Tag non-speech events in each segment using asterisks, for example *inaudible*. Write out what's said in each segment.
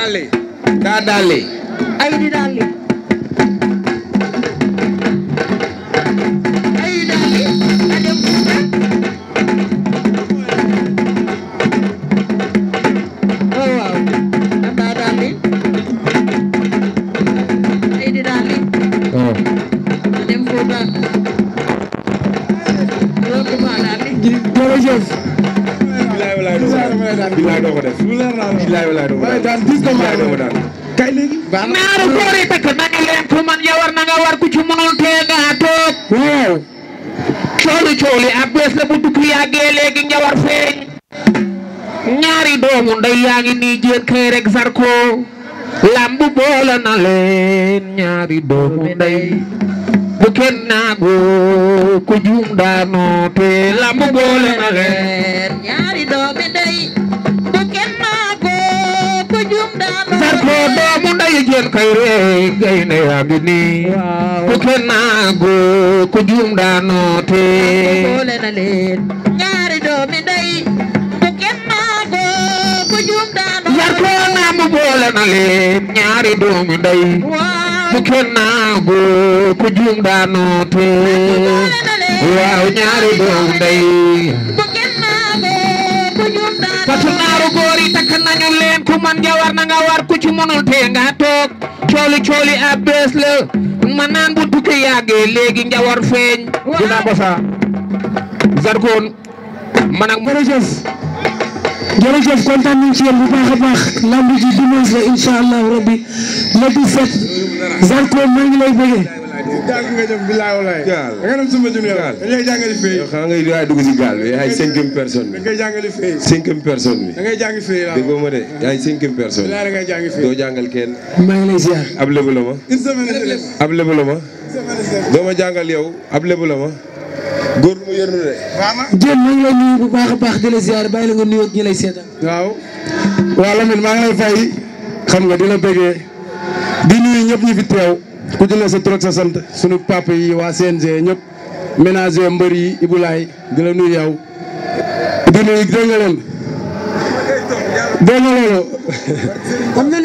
daale daa daale ay di daale walaay doo ko def. bilaay walaay doo ko leen ko man ya war na nga war ku ci mënoon tee nga toog. cooli cooli ab bés la bu dugg yàggee léegi nga war feeñ. ñaari doomu ndey yaa ngi nii jéen Zarko. lambu boole na leen ñaari doomu ndey. bu kenn naagu ku juum daanoo te lambu na leen. Zarko doomu ndeyu jéen kay rey gaynde yaa ngi nii ku kenn naagu ku juum daanoo te boole na leen ñaari doomi ndey ku kenn naagu ku juum daanoo Zarko naa mu boole na leen ñaari doomi ndey ku kenn naagu ku juum daanoo te waaw ñaari doomi ndey man ja war na ci mënul te nga toog cooli cooli ab bees la ma naan bu tukki yàggee léegi njawar feeñ dina bosa Zarkon man ak jërëjëf jërëjëf kontaan nañ ci yéen bu baax a baax lamb ji dimanche la incha allah rabbi le 17 Zarkon maa ngi lay bëggee jàng gaal gaal da ngay gaal yaay cinquième personne bi. da ngay bi. da ngay ma de yaay cinquième personne. bilaay da ngay jàngi fee doo jàngal kenn. maa ngi lay ziar. ab lébu la ma. une semaine ab la ma. doo ma jàngal yow ab lébu ma. góor mu yërnu de. waaw ma lay nuyu bu baax a baax di la ziar bàyyi la nga nuyoo ak ñi lay seetaan. waaw. waaw Lamine maa ngi lay fay. xam nga di la bëggee. di nuyu ñëpp ñi teew ku jëlé sa trok sa sante suñu papa yi wa CNG ñëpp ménager mbeur yi ibulay di la nuyu yaw di nuyu dégg nga leen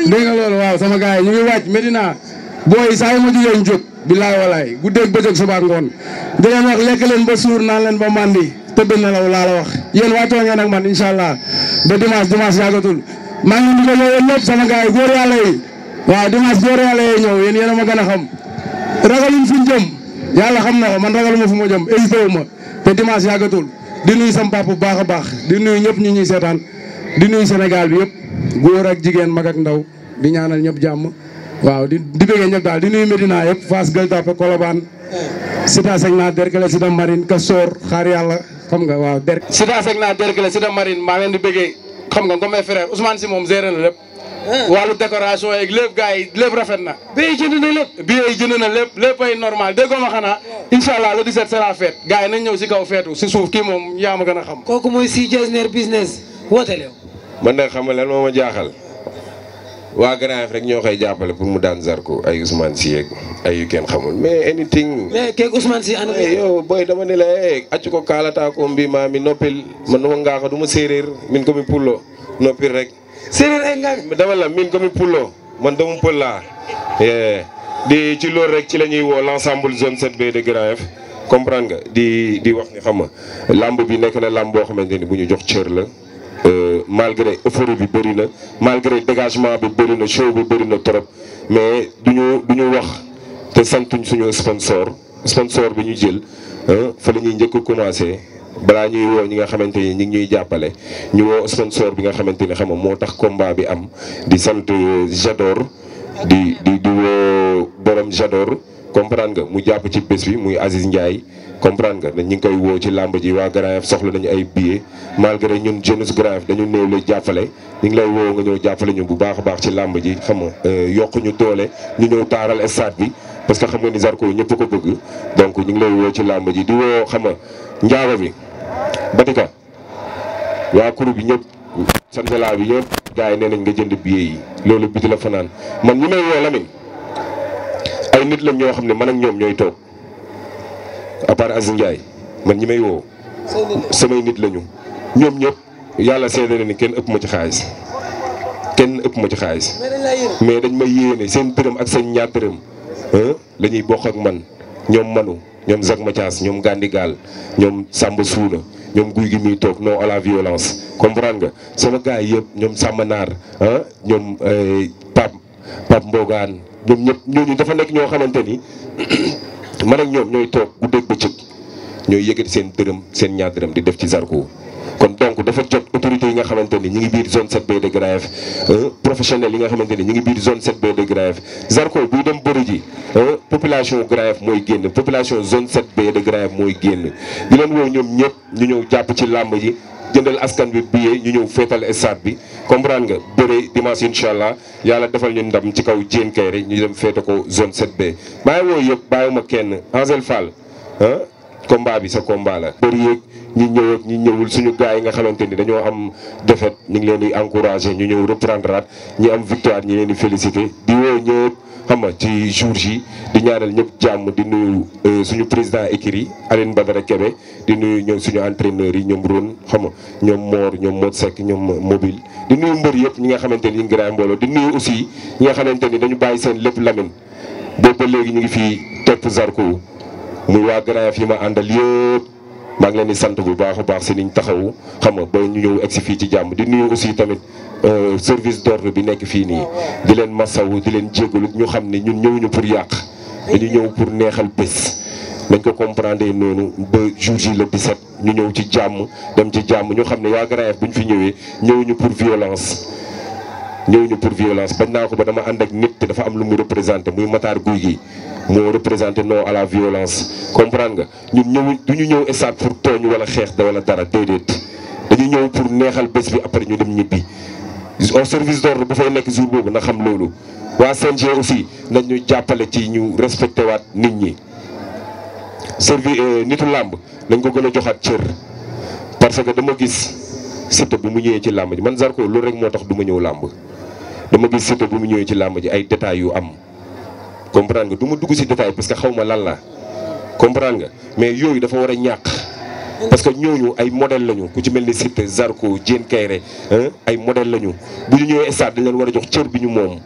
dégg nga waaw sama gaay ñu ngi wacc Medina booy saa yi ma jugee ñu jóg bilaay walaay guddeeg bëccëg suba ngoon di la wax lekk leen ba sour naan leen ba mandi te tëdd na law laa la wax yéen waatoo ngeen ak man inshallah ba dimanche dimanche yàggatul ma ngi dugal loolu lépp sama gaay goor góor yi wa dimanche jore ala ñew yeen yéen ma gëna xam ragal ñu fu jëm yalla xam na ko man ragal ma fu mo jëm hésité wu ma te dimanche yagatul di nuyu sam papa bu baaxa baax di nuyu ñep ñi ñuy sétan di nuyu Sénégal bi yëpp goor ak jigen mag ak ndaw di ñaanal ñep jamm waaw di di bëggee ñëpp daal di nuyu Medina yëpp Fass Gueule Tapée Colobane Cité Secna Derklé sita Marine Castor xaar yalla xam nga waaw der Cité Secna Derklé sita Marine ma leen di bëggee xam nga comme mes frères Ousmane simom moom géré na lépp Mm. wàllu décoration yeeg lépp yi lépp rafet na. billet jënd na lépp. billet yi na lépp lépp ay normal de ma xanaa. incha allah le 17 sera fête. gars yi nañ ñëw si kaw feetu si suuf kii moom yaa ma gën a xam. kooku mooy si Jesner business woote lew. man nag xam nga lan jaaxal waa Grand rek ñoo koy jàppale pour mu daan Zarko ay Ousmane Sy yeeg ay yu kenn xamul mais anything. mais keeg Ousmane Sy ànd yow booy dama ne la eh accu ko kaalataako mbi maa mi noppil man nu ma ngaa ko du ma séeréer min ko mi rek. séeréer ay ngañ dama la min komi pullo man doomu pël laa eh, di ci loolu rek ci la ñuy woo l' ensemble zone 7B de Grand Yoff comprendre nga di di wax ni xam nga làmb bi nekk na làmb boo xamante ni bu ñu jox cër la eh, malgré euphorie bi bëri na malgré dégagement bi bëri na show bi bëri na trop mais du ñu du ñu wax te santuñ suñu sponsor sponsor bi ñu jël fa la ñuy njëkk a balaa ñuy woo ñi nga xamante ni ñu ngi ñuy jàppale ñu woo sponsor bi nga xamante ni xam nga moo tax combat bi am di sant euh, Jador di di di woo borom Jador comprendre nga mu jàpp ci bés bi muy Aziz Ndiaye comprendre nga ñu ngi koy woo ci làmb ji waa Grand soxla nañu ay billets malgré ñun jeunesse Grand Yoff dañu néew lay jàppale ñu ngi lay woo nga ñëw jàppale ñu bu baax a baax ci làmb ji xam nga euh, yokk ñu doole ñu ñëw taaral stade bi parce que xam nga ni Zarko ñëpp ko bëgg donc ñu ngi lay woo ci làmb ji di woo xam nga njaaba bi Batika waa kuru bi ñëpp sansalaa bi ñëpp gars yi nee nañ nga jënd billet yi loolu biti la fanaan man ñi may woo Lamine ay nit lañ ñoo xam ne man ak ñoom ñooy toog à man ñi may woo samay nit lañu ñoom ñëpp yàlla seede na ni kenn ëpp ma ci xaalis kenn ëpp ma ci xaalis mais dañ ma yéene seen dërëm ak seen ñaar dërëm la bokk ak man ñoom Manu ñoom Zak Mathias ñoom Gandi Gaal ñoom Samba Suuna ñoom guy gi muy toog no à la violence comprendre nga sama gars yi yëpp ñoom sàmmanaar ah ñoom eh, Pape Pape Mbogaan ñoom ñëpp ñooñu dafa nekk ñoo xamante ni *clears throat* man ak ñoom ñooy toog guddeeg bëccëg ñooy yëkkati seen dërëm seen ñaar dërëm di def ci Zarko kon donc dafa jot autorités yi nga xamante ni ñu ngi biir zone 7B de Grand Yoff euh, yi nga xamante ni ñu ngi biir zone 7B de Grand Yoff Zarko buy dem bëri euh, population Grand mooy génn population zone 7B de Grand Yoff mooy génn di leen woo ñoom ñëpp ñu ñëw jàpp ci làmb ji jëndal askan bi billet ñu ñëw féetal stade bi comprendre nga bëre dimanche incha allah yàlla defal ñu ndam ci kaw jéen kay rek ñu dem féete ko zone 7B bàyyi woo yëpp bàyyiwuma kenn Angel Fall ah combat bi sa combat ñi ñëw ñi ñëwul suñu gars yi nga xamante ni dañoo am défaite ñu ngi leen di encouragé ñu ñëw reprendre at ñi am victoire ñi leen di félicité di woo ñëpp xam nga ci jour yi di ñaanal ñëpp jàmm di nuyu euh, suñu président écurie Aline Badara Kébé di nuyu ñoom suñu entraîneurs yi ñoom Rone xam nga ñoom Mor ñoom Mod Seck ñoom Mobile di nuyu mbër yëpp ñi nga xamante ni ñu ngi raay mbooloo di nuyu aussi ñi nga xamante ni dañu bàyyi seen lépp Lamine boobu léegi ñu ngi fii topp Zarko muy waa Grand maa ngi leen di sant bu baax a baax si niñ taxaw xam nga ba ñu ñëw egsi fii ci jàmm di nuyu aussi tamit euh, service d'ordre bi nekk fii nii di leen masawu di leen jégalu ñu xam ne ñun ñëwuñu pour yàq dañu ñëw pour neexal bés. nañ ko comprendre noonu ba jour ji le 17 ñu ñëw ci jàmm dem ci jàmm ñu xam ne waa Grand bu ñu fi ñëwee ñëwuñu pour violence. ñëw ñu pour violence bañ naa ko ba dama ànd ak nit te dafa am lu mu représenté muy mataar guy gi moo représenté non à la violence comprendre nga ñun ñëw du ñu ñëw estaat pour tooñ wala xeex da wala dara déedéet dañu ñëw pour neexal bés bi après ñu dem ñibbi au service d'ordre bu fay nekk jour boobu na xam loolu waa CNG aussi nañ ñu jàppale ci ñu respecté waat nit ñi servi euh, nitu làmb nañ ko gën a joxaat cër parce que dama gis Siteu bu mu ñëwee ci làmb ji man Zarko loolu rek moo tax du ñëw làmb dama gis sit bu mu ñëwee ci làmb ji ay détails yu am comprendre nga du ma dugg si détail parce que xaw ma lan la comprendre nga mais yooyu dafa war a ñàq parce que ñooñu ay modèle lañu ku ci mel ni Siteu Zarko Diène kayre ay modèle lañu bu ñu ñëwee stade dañ leen war a jox cër bi ñu moom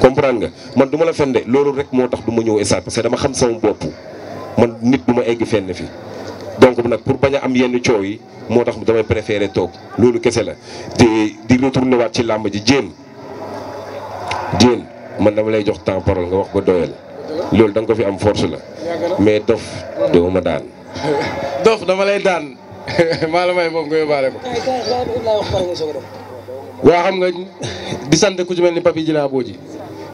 comprendre nga man du ma la fende loolu rek moo tax du ma ñëw stade parce que dama xam sama bopp man nit du ma egg fenn fi donc nag pour bañ a am yenn coow yi moo tax damay préféré toog loolu kese la te di retourné ci làmb ji jéem Diène man dama lay jox temps parole nga wax ba doyal loolu danga nga ko fi am force la mais dof doo ma daan. dof dama lay daan *laughs* maa la may moom nga yóbbaale ko. waa xam nga di sant ku ci mel ni Papi Djilabodji.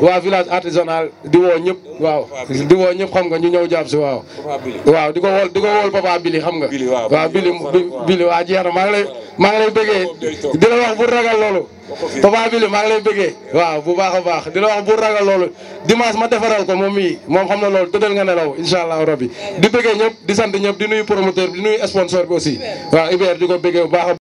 waa village artisanal di woo ñëpp waaw di woo ñëpp xam nga ñu ñëw jàpp si waaw di ko wool di ko wool papa Bili xam nga waaw Bili Bili waa jeex na maa ngi lay maa ngi lay bëggee di la wax bu ragal loolu papa Bili maa ngi lay bëggee waaw bu baax a baax di la wax bu ragal loolu dimanche ma defaral ko moom mii moom xam na loolu tëddal nga ne incha allah rabbi di bëggee ñëpp di sant ñëpp di nuyu promoteur bi di nuyu sponsor bi aussi waaw IBR di ko bëggee bu baax